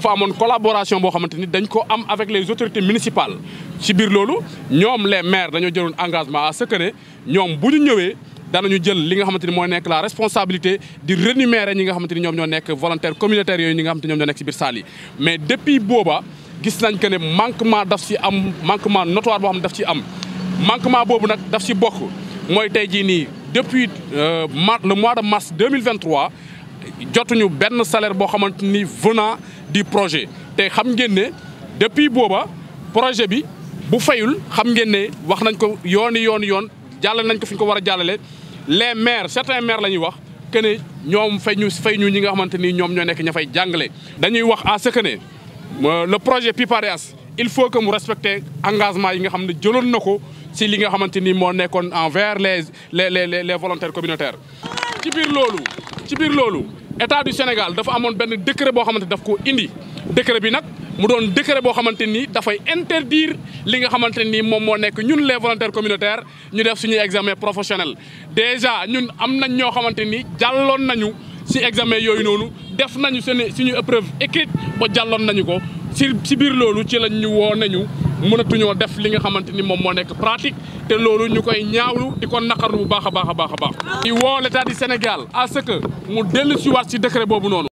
dafa amone collaboration bo xamanteni dañ ko am avec les autorités municipales ci bir lolu ñom les maires dañu jëloon engagement à ce que né ñom buñu ñëwé ñëwee danañu jël li nga xamanteni mo mooy nekk la responsabilité di rémunérer ñi nga xamanteni ñom ño ñoo nekk volontaire communautaire yooyu ñi nga xamanteni ñom ñoom ñoo nekk ci bir salle mais depuis Boba, gis nañ que ne manquement daf ci am manquement notoire bo xam daf ci am manquement bobu nak daf ci bokk moy tay ji ni depuis euh, le mois de mars 2023 jotuñu benn salaire bo xamanteni venant du projet te xam ngeen ne depuis booba projet bi bu fayul xam ngeen ne wax nañ ko yooni yooni yoon jàllale nañ ko fi ko war a jàllale les maires certains maires la ñuy wax que ne ñoom fay ñu fay ñu ñi nga xamante ni ñoom ñoo nekk ña fay jàngale. dañuy wax à ce que ne euh, le projet Pipareas il faut que mu respecté engagement yi nga xam ne jëloon na ko si li nga xamante ni moo nekkoon envers les les les les volontaires communautaires. ci biir loolu ci biir loolu état du Sénégal dafa amoon benn décret boo xamante daf ko indi décret bi nag mu doon décret boo xamante nii dafay interdire li nga xamante nii moom moo nekk ñun les volontaires communautaires ñu def suñuy examen professionnel déjà ñun am nañ ñoo xamante ni jàlloon nañu si examen yooyu noonu def nañu seen suñu épreuve écrite ba jàlloon nañu ko si si biir loolu ci lañ ñu woo nañu mënatuñoo def li nga xamante ni moom moo nekk pratique te loolu ñu koy ñaawlu di ko naqarlu bu baax a baax a baax a baax. di woo l'état du Sénégal à ce que mu dellu si waat si décret boobu noonu.